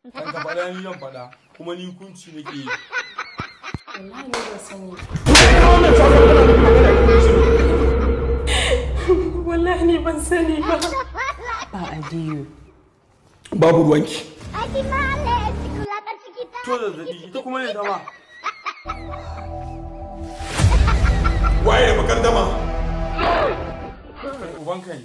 Kan ka faɗa ni kuma ni kunci nake yi. Wallahi ne ban sani. ban ba. Ba Aliyu. Babu ruwanki. To zazzaɓi ita kuma ne dama. Waye da makardama? Ah! Ubanka ne.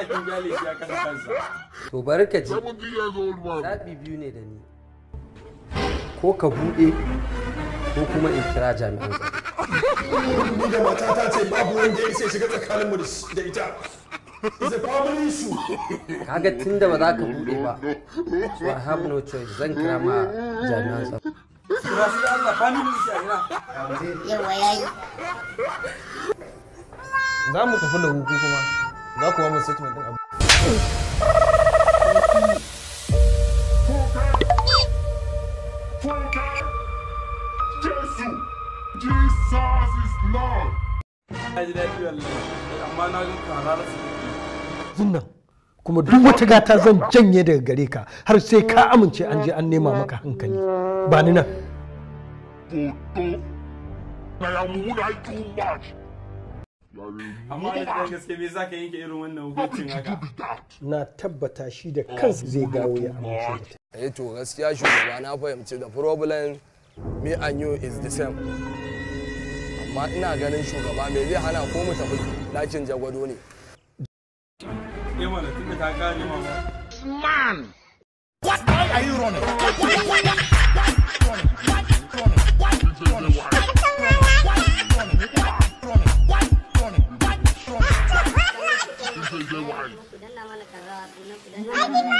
Allah shi kansa to bari ka ji zabi biyu ne da ni ko ka bude ko kuma in kira jami'an tsaro da matata ce babu wanda ya shiga da ita kaga tun ba za ka buɗe ba so i have no choice zan kira ma jami'an tsaro za mu tafi da huku kuma za ku mamu statement din abu Jesus kuma duk wata gata zan janye daga gare ka har sai ka amince an je an nema maka hankali. Ba ni nan. Bodo, I am too much. amma da gaske me yanke irin wannan hukuncin haka na tabbata shi da kansa zai dawo ya amince eh to gaskiya shugaba na fahimci da problem me and you is the same amma ina ganin shugaba me zai hana ko mu tafi lakin jagwado ne eh man what are you running what, きます